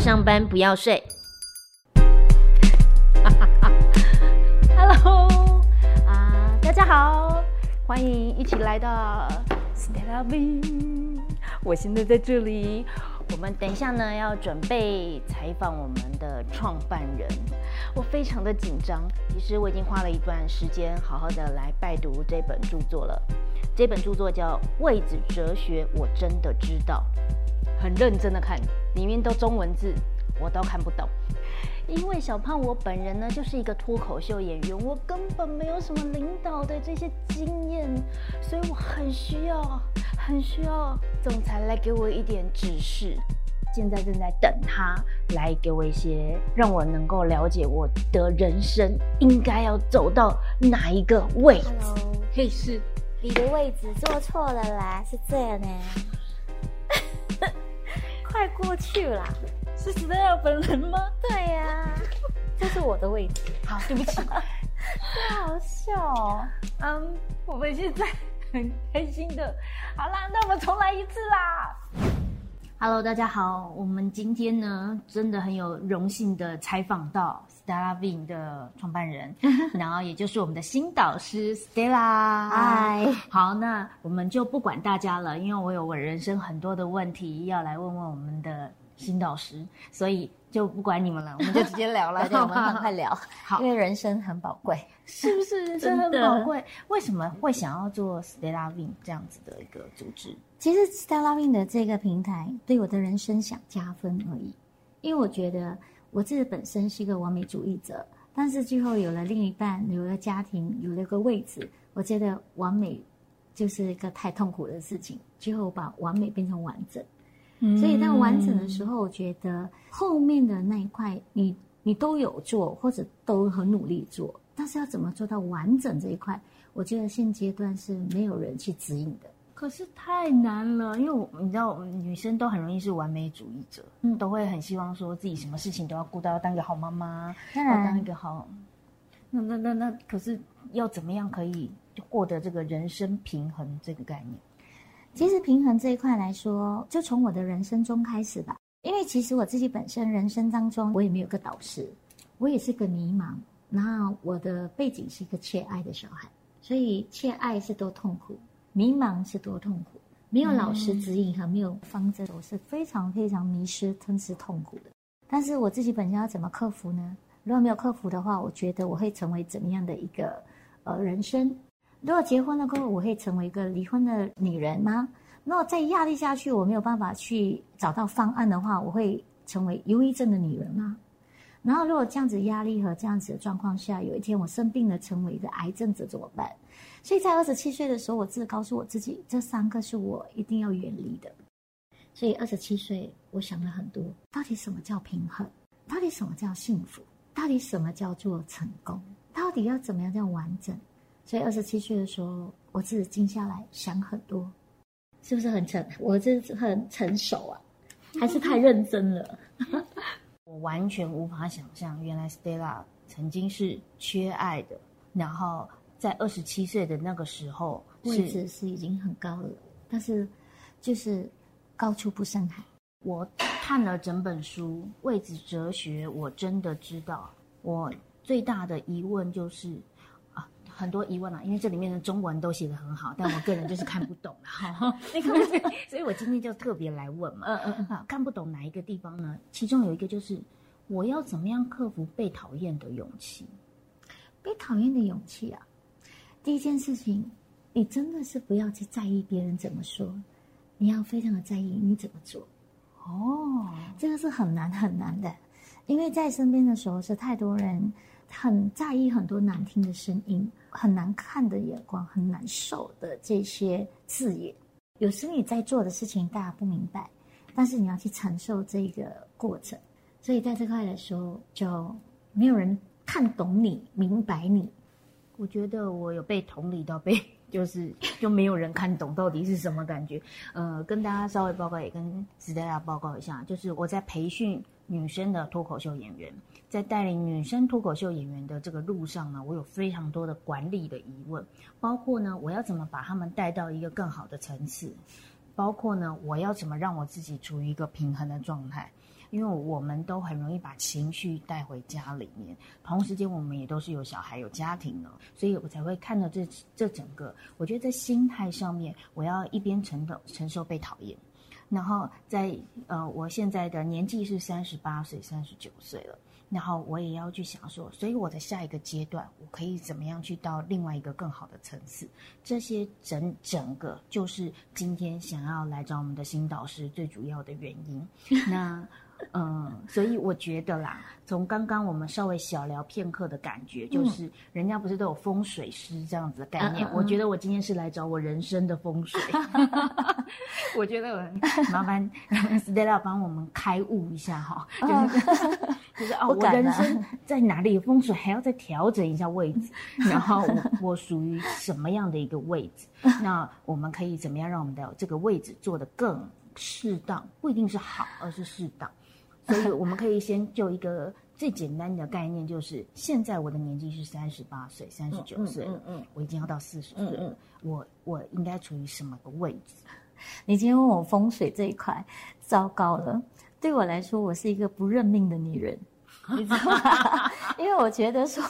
上班不要睡。 Hello、uh, 大家好，歡迎一起來到 Stellavingze 我現在在這裡，我，在在這裡我們等一下呢要準備採訪我們的創辦人，我非常的緊張。其實我已經花了一段時間好好的來拜讀這本著作了，這本著作叫《位子哲學》，我真的知道。很認真的看，裡面都中文字，我都看不懂。因為小胖我本人呢，就是一個脫口秀演員，我根本沒有什麼領導的這些經驗，所以我很需要，很需要總裁來給我一點指示。現在正在等他來給我一些，讓我能夠了解我的人生應該要走到哪一個位置，類似 Hello.、hey, 是你的位置坐錯了啦，是這樣呢。快過去啦， 是 Stella 本人嗎？對呀、啊， 這是我的位置。好，對不起， 好笑、哦。嗯，我們現在很開心的。好啦，那我們重來一次啦。哈嘍，Hello, 大家好。我們今天呢，真的很有榮幸地的採訪到 Stellavingze 的創辦人， 然後也就是我們的新導師 Stella。Hi，好，那我們就不管大家了，因為我有我人生很多的問題要來問問我們的新導師，所以。就不管你們了，我們就直接聊了，大 我們趕快聊。 好，因為人生很寶貴，是不是？人生 的很寶貴，為什麼會想要做 Stellavingze 這樣子的一個組織？其實 Stellavingze 的這個平台對我的人生想加分而已，因為我覺得我自己本身是一個完美主義者，但是最後有了另一半，有了家庭，有了個位置，我覺得完美就是一個太痛苦的事情，最後我把完美變成完整。嗯，所以到完整的時候，我覺得後面的那一塊，你你都有做，或者都很努力做，但是要怎麼做到完整這一塊，我覺得現階段是沒有人去指引的。可是太難了，因為我你知道，女生都很容易是完美主義者，嗯，都會很希望說自己什麼事情都要顧到，要當一個好媽媽，當然要當一個好，那那那那，可是要怎麼樣可以獲得這個人生平衡這個概念？其實平衡這一塊來說，就從我的人生中開始吧。因為其實我自己本身人生當中，我也沒有個導師，我也是個迷茫。那我的背景是一個缺愛的小孩，所以缺愛是多痛苦，迷茫是多痛苦，沒有老師指引和沒有方針，嗯、我是非常非常迷失、吞噬痛苦的。但是我自己本身要怎麼克服呢？如果沒有克服的話，我覺得我會成為怎麼樣的一個呃人生？如果結婚了過後，我會成為一個離婚的女人嗎？如果再壓力下去，我沒有辦法去找到方案的話，我會成為憂鬱症的女人嗎？然後，如果這樣子壓力和這樣子的狀況下，有一天我生病了，成為一個癌症者怎麼辦？所以在二十七歲的時候，我自告訴我自己，這三個是我一定要遠離的。所以二十七歲，我想了很多，到底什麼叫平衡？到底什麼叫幸福？到底什麼叫做成功？到底要怎麼樣叫完整？所以二十七歲的時候，我自己靜下來想很多，是不是很成？我這是很成熟啊，還是太認真了？ 我完全無法想象，原來 Stella 曾經是缺愛的，然後在二十七歲的那個時候，位置是已經很高了，但是就是高處不勝寒。我看了整本書《位子哲學》，我真的知道，我最大的疑問就是。很多疑問啊，因為這裡面的中文都寫得很好，但我個人就是看不懂了、啊。哈 所以我今天就特別來問嘛。嗯嗯好，看不懂哪一個地方呢？其中有一個就是，我要怎麼樣克服被討厭的勇氣？被討厭的勇氣啊！第一件事情，你真的是不要去在意別人怎麼說，你要非常的在意你怎麼做。哦，這個是很難很難的，因為在身邊的時候是太多人很在意很多難聽的聲音。很難看的眼光，很難受的這些字眼，有時你在做的事情大家不明白，但是你要去承受這個過程。所以在這塊的時候，就沒有人看懂你、明白你。我覺得我有被同理到被，被就是就沒有人看懂到底是什麼感覺。呃，跟大家稍微報告，也跟子大家報告一下，就是我在培訓女生的脫口秀演員。在帶領女生脫口秀演員的這個路上呢，我有非常多的管理的疑問，包括呢，我要怎麼把她們帶到一個更好的層次，包括呢，我要怎麼讓我自己處於一個平衡的狀態，因為我們都很容易把情緒帶回家裡面，同時間我們也都是有小孩有家庭的，所以我才會看到這這整個，我覺得在心態上面，我要一邊承受承受被討厭，然後在呃，我現在的年紀是三十八歲三十九歲了。然後我也要去想說，所以我的下一個階段，我可以怎麼樣去到另外一個更好的層次？這些整整個就是今天想要來找我們的星導師最主要的原因。那嗯，所以我覺得啦，從剛剛我們稍微小聊片刻的感覺，嗯、就是人家不是都有風水師這樣子的概念？嗯、我覺得我今天是來找我人生的風水。嗯、 我覺得我很麻煩 Stella 幫我們開悟一下哈，嗯、就是。 就是、哦、我，我人生在哪裡有風水，還要再調整一下位置。 然後我我屬於什麼樣的一個位置？ 那我們可以怎麼樣讓我們的這個位置做得更適當？不一定是好，而是適當。所以我們可以先就一個最簡單的概念，就是現在我的年紀是三十八歲、三十九歲嗯，嗯嗯嗯，我已經要到四十歲了。嗯嗯、我我應該處於什麼個位置？你今天問我風水這一塊，糟糕了。嗯、對我來說，我是一個不認命的女人。你知道嗎？ 因為我覺得說，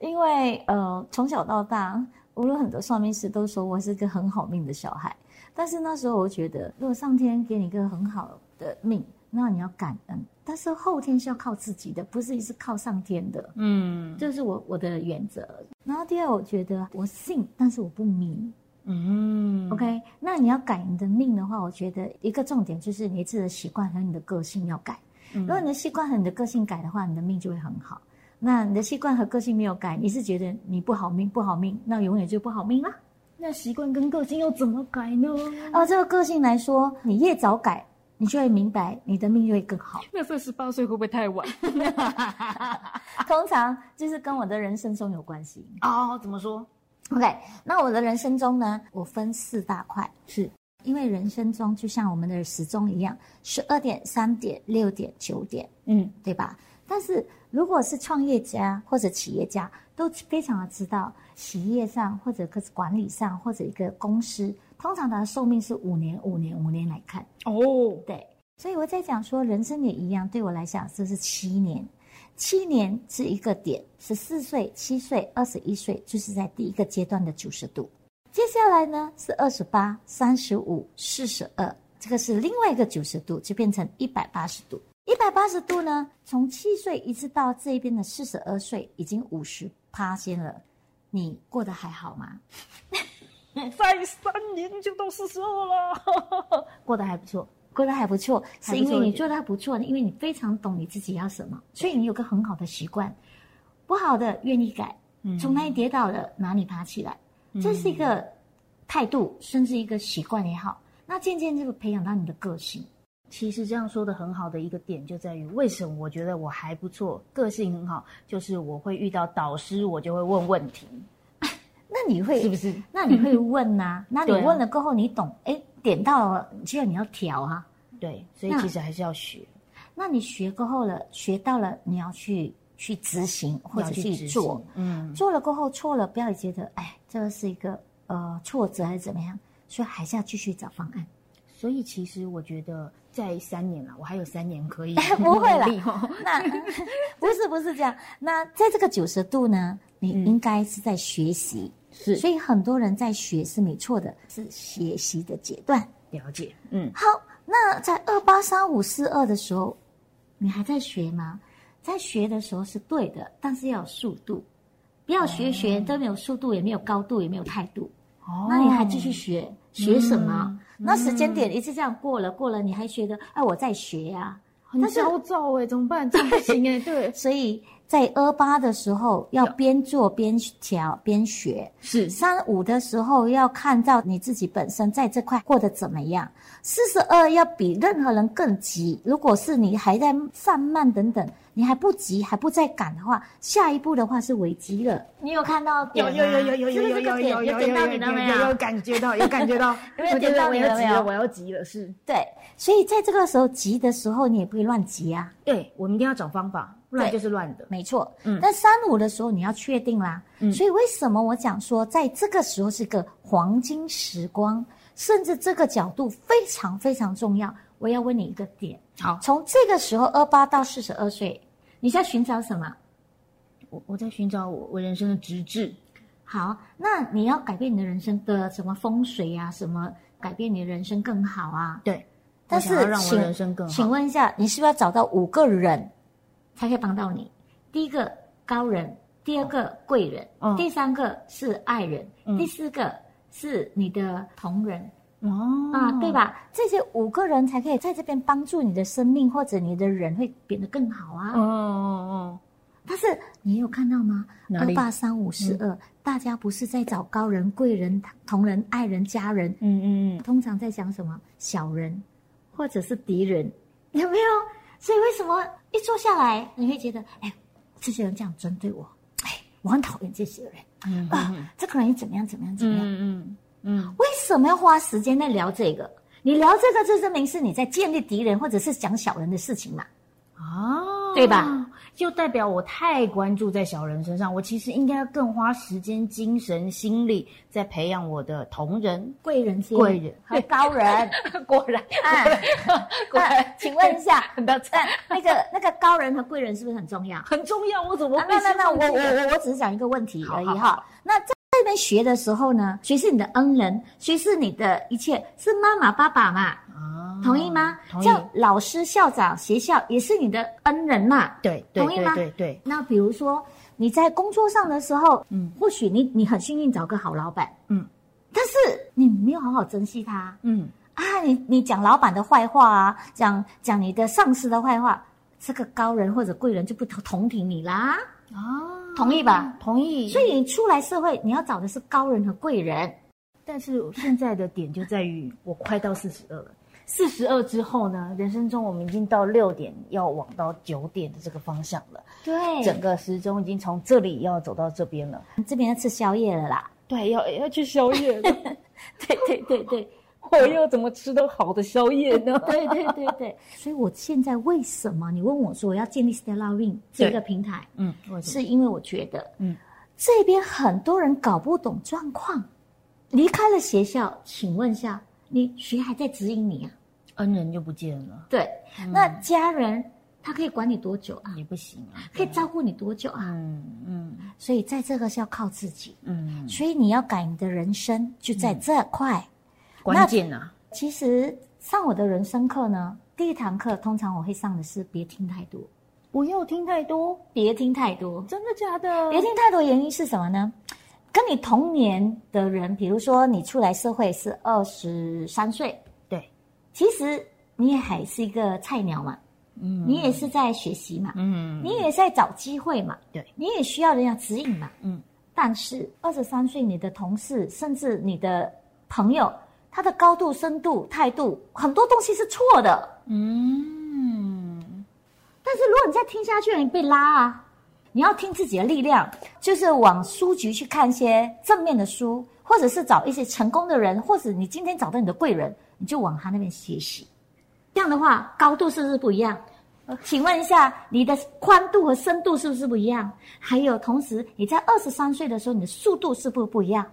因為呃，從小到大，無論很多算命師都說我是個很好命的小孩，但是那時候我覺得，如果上天給你一個很好的命，那你要感恩。但是後天是要靠自己的，不是一直靠上天的。嗯，這是我我的原則。然後第二，我覺得我信，但是我不迷。嗯，OK，那你要改你的命的話，我覺得一個重點就是你自己的習慣和你的個性要改。如果你的習慣和你的個性改的話，你的命就會很好。那你的習慣和個性沒有改，你是覺得你不好命，不好命，那永遠就不好命了啊。那習慣跟個性要怎麼改呢？哦，這個個性來說，你越早改，你就會明白，你的命就會更好。那份十八歲會不會太晚？ 通常就是跟我的人生中有關係。哦，怎麼說？OK，那我的人生中呢，我分四大塊是，因為人生中就像我們的時鐘一樣，十二點、三點、六點、九點，嗯，對吧？但是如果是創業家或者企業家，都非常的知道，企業上或者各管理上或者一個公司，通常它的壽命是五年、五年、五年來看。哦，對，所以我在講說，人生也一樣，對我來講，這是七年，七年是一個點，十四歲、七歲、二十一歲，就是在第一個階段的九十度。接下來呢是二十八、三十五、四十二，這個是另外一個九十度，就變成一百八十度。一百八十度呢，從七歲一直到這邊的四十二歲，已經五十趴肩了。你過得還好嗎？再三年就到四十二了， 過得還不錯，過得還不錯，不錯是因為你做得還不錯，因為你非常懂你自己要什麼，所以你有個很好的習慣，不好的願意改，從哪裡跌倒了哪裡爬起來。嗯這是一個態度，甚至一個習慣也好。那漸漸這個培養到你的個性。其實這樣說的很好的一個點就在於，為什麼我覺得我還不錯，個性很好，就是我會遇到導師，我就會問問題。哎、那你會是不是？那你會問吶、啊？ 那你問了過後，你懂哎，點到了，其實你要調啊。對，所以其實還是要學。那，那你學過後了，學到了，你要去去執行，執行或者去做。嗯，做了過後錯了，不要也覺得哎。這個是一個呃挫折，還是怎麼樣？所以還是要繼續找方案。所以其實我覺得在三年了，我還有三年可以、哎、不會了， 那不是不是這樣。那在這個九十度呢？你應該是在學習，是、嗯。所以很多人在學是沒錯的，是，是學習的階段。了解，嗯。好，那在二八三五四二的時候，你還在學嗎？在學的時候是對的，但是要有速度。要學學都沒有速度，也沒有高度，也沒有態度。哦，那你還繼續學學什麼？嗯嗯、那時間點一次這樣過了，過了你還學得。哎、啊，我在學啊，很焦躁哎，怎麼辦？這不行哎，對。所以在二八的時候要邊做邊調邊學，是三五的時候要看到你自己本身在這塊過得怎麼樣。四十二要比任何人更急，如果是你還在散漫等等。你還不急，還不再趕的話，下一步的話是危機了。你有看到有有有有是是有有有有有有點到你了沒有？有感覺到有感覺到，有感覺到你了 沒有？我要急了，是。對，所以在這個時候急的時候，你也不會亂急啊。對、欸、我們一定要找方法，亂就是亂的。沒錯。嗯、但三五的時候你要確定啦。嗯、所以為什麼我講說在這個時候是個黃金時光，甚至這個角度非常非常重要。我要問你一個點，好，從這個時候二八到四十二歲，你在尋找什麼？我我在尋找我我人生的直至。好，那你要改變你的人生的什麼風水呀、啊？什麼改變你的人生更好啊？對，但是人生更好請請問一下，你是不是要找到五個人才可以幫到你？嗯、第一個高人，第二個、哦、貴人，第三個是愛人，嗯、第四個是你的同仁。哦，啊，對吧？這些五個人才可以在這邊幫助你的生命，或者你的人會變得更好啊。哦哦，哦哦，但是你有看到嗎？哪裡？二八三五十二，嗯、大家不是在找高人、貴人、同人、愛人、家人？嗯嗯嗯。嗯，通常在講什麼小人，或者是敵人？有沒有？所以為什麼一坐下來你會覺得，哎，這些人這樣針對我，哎，我很討厭這些人。嗯啊，嗯嗯，這個人怎麼樣？怎麼樣？怎麼樣？嗯嗯嗯。嗯，為什麼？怎麼要花時間在聊這個？你聊這個，就證明是你在建立敵人，或者是講小人的事情嘛？哦、啊，對吧？就代表我太關注在小人身上，我其實應該要更花時間、精神、心力在培養我的同仁、貴人、貴人和高人。果然，果然，嗯、請問一下，很抱歉，那個那個高人和貴人是不是很重要？很重要。我怎麼、啊、那那那我我我只是講一個問題而已哈。好好好好那。學的時候呢，誰是你的恩人？誰是你的一切？是媽媽、爸爸嘛？哦、同意嗎？同意。老師、校長、學校也是你的恩人嘛？對，對，同意嗎？對對。對對對，那比如說你在工作上的時候，嗯，或許你你很幸運找個好老闆，嗯，但是你沒有好好珍惜他，嗯啊，你你講老闆的壞話啊，講講你的上司的壞話，這個高人或者貴人就不同同情你啦啊。哦同意吧，同意。所以你出來社會，你要找的是高人和貴人。但是現在的點就在於，我快到四十二了。四十二之後呢，人生中我們已經到六點，要往到九點的這個方向了。對，整個時鐘已經從這裡要走到這邊了。你這邊要吃宵夜了啦。對，要要去宵夜了 對。對對對對。對 我又怎麼吃得好的宵夜呢？ 對,對對對對，所以我現在為什麼你問我說我要建立 Stellavingze 這個平台？嗯，我是因為我覺得，嗯，這邊很多人搞不懂狀況，離開了學校，請問一下，你誰還在指引你啊？恩人就不見了。對，嗯、那家人他可以管你多久啊？也不行啊，可以照顧你多久啊？嗯嗯，嗯所以在這個是要靠自己。嗯，所以你要改你的人生就在這塊。嗯那關鍵啊，其實上我的人生課呢，第一堂課通常我會上的是別聽太多，我有聽太多，別聽太多，真的假的？別聽太多，原因是什麼呢？跟你同年的人，比如說你出來社會是二十三歲，對，其實你也還是一個菜鳥嘛，嗯，你也是在學習嘛，嗯，你也在找機會嘛，嗯、對，你也需要人家指引嘛，嗯。嗯但是二十三歲，你的同事甚至你的朋友。他的高度、深度、態度，很多東西是錯的。嗯，但是如果你再聽下去，你被拉啊！你要聽自己的力量，就是往書局去看一些正面的書，或者是找一些成功的人，或者你今天找到你的貴人，你就往他那邊學習。這樣的話，高度是不是不一樣？請問一下，你的寬度和深度是不是不一樣？還有，同時你在二十三歲的時候，你的速度是不是不一樣？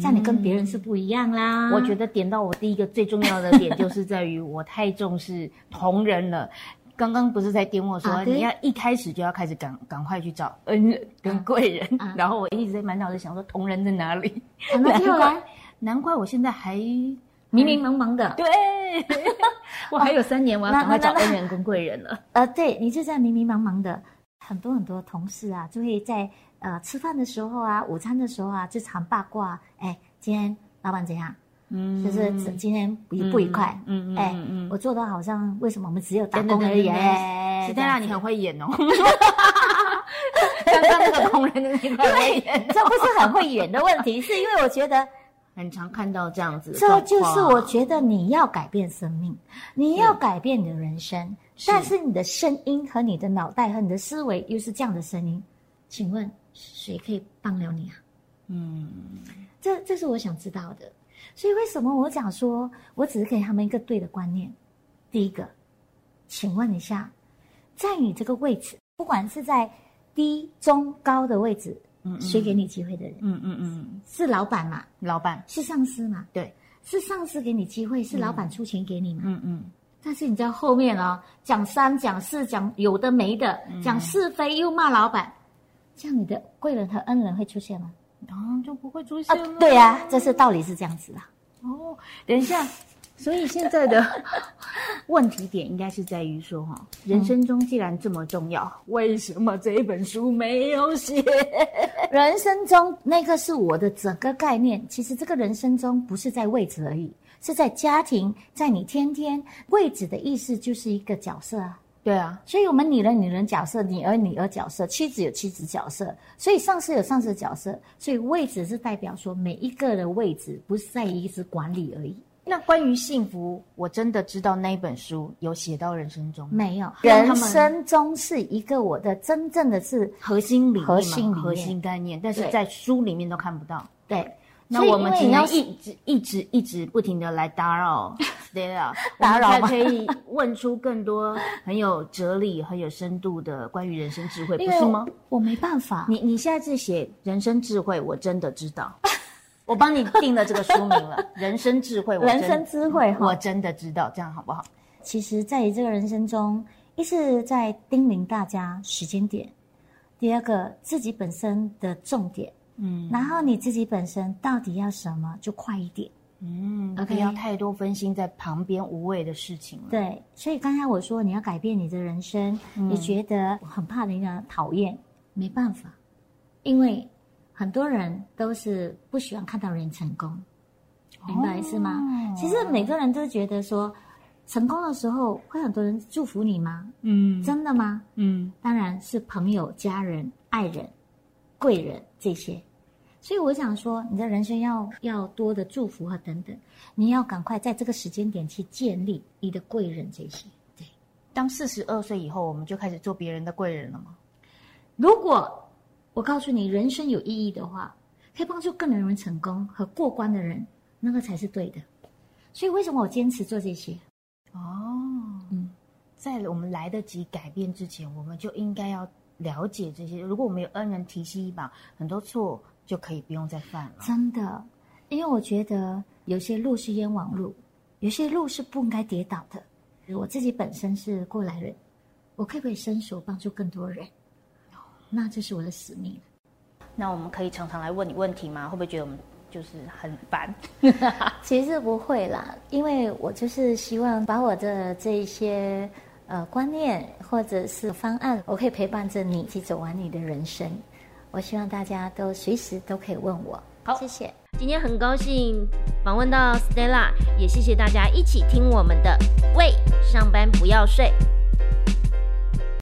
像你跟別人是不一樣啦、嗯。我覺得點到我第一個最重要的點就是在於我太重視同仁了。 剛剛不是在點我說、啊、你要一開始就要開始趕趕快去找恩人跟貴人，啊啊、然後我一直在滿腦子想說同仁在哪裡。啊、來難怪，難怪我現在還迷迷茫茫，茫的、嗯。對， 我還有三年，我要趕快找恩人跟貴人了。哦、呃，對你就這樣迷迷茫，茫茫的，很多很多同事啊，就會在。呃，吃飯的時候啊，午餐的時候啊，就常八卦、啊。哎、欸，今天老闆怎樣？嗯，就是今天不不愉快。嗯嗯，哎、欸，嗯、我做的好像為什麼我們只有打工而已。哎，斯黛拉，你很會演哦。剛剛 那個工人的你很會、哦、對，這不是很會演的問題？是因為我覺得 很常看到這樣子。這就是我覺得你要改變生命，你要改變你的人生，是但是你的聲音和你的腦袋和你的思維又是這樣的聲音，請問？誰可以幫了你啊？嗯，這這是我想知道的。所以為什麼我講說，我只是給他們一個對的觀念。第一個，請問一下，在你這個位置，不管是在低、中、高的位置，嗯、誰給你機會的人？嗯嗯嗯，嗯嗯嗯是老闆嘛？老闆是上司嘛？對，是上司給你機會，是老闆出錢給你嘛、嗯？嗯嗯。但是你知道後面啊、哦，講三講四講有的沒的，嗯、講是非又罵老闆。這樣你的貴人和恩人會出現嗎？然、啊、就不會出現了。啊，對啊，這是道理是這樣子的、啊。哦，等一下，所以現在的問題點應該是在於說，哈，人生中既然這麼重要，為什麼這本書沒有寫？人生中那個是我的整個概念。其實這個人生中不是在位子而已，是在家庭，在你天天，位子的意思就是一個角色啊。對啊，所以我們女人女人角色，女兒女兒角色，妻子有妻子角色，所以上司有上司角色，所以位子是代表說每一個的位子，不是在一直管理而已。那關於幸福，我真的知道那一本書有寫到人生中沒有，人生中是一個我的真正的是核心理念、核心核心，核心概念，對但是在書裡面都看不到。對，對那我們只要一直一直一直不停的來打擾。 打擾，對對啊、我們才可以問出更多很有哲理、 很有深度的關於人生智慧，那個、不是嗎？我沒辦法，你你現在是寫人生智慧，我真的知道， 我幫你定了這個書名了， 人《人生智慧》，人生智慧，我真的知道，這樣好不好？其實，在於這個人生中，一是在叮嚀大家時間點，第二個自己本身的重點，嗯，然後你自己本身到底要什麼，就快一點。嗯，而且 Okay, 要太多分心在旁邊無謂的事情了。對，所以剛才我說你要改變你的人生，嗯、你覺得很怕人家討厭，沒辦法，因為很多人都是不喜歡看到人成功，明白、哦、是嗎？其實每個人都覺得說，成功的時候會很多人祝福你嗎？嗯，真的嗎？嗯，當然是朋友、家人、愛人、貴人這些。所以我想說，你的人生要要多的祝福和等等，你要趕快在這個時間點去建立你的貴人這些。對，當四十二歲以後，我們就開始做別人的貴人了嗎？如果我告訴你人生有意義的話，可以幫助更多人，人成功和過關的人，那個才是對的。所以為什麼我堅持做這些？哦，嗯，在我們來得及改變之前，我們就應該要了解這些。如果我們有恩人提攜一把，很多錯。就可以不用再犯了。真的，因為我覺得有些路是冤枉路，有些路是不應該跌倒的。我自己本身是過來人，我可不可以伸手幫助更多人？那這是我的使命。那我們可以常常來問你問題嗎？會不會覺得我們就是很煩？ 其實不會啦，因為我就是希望把我的這一些呃觀念或者是方案，我可以陪伴着你一起走完你的人生。我希望大家都隨時都可以問我。好，謝謝。今天很高興訪問到 Stella，也謝謝大家一起聽我們的《位！上班不要睡》。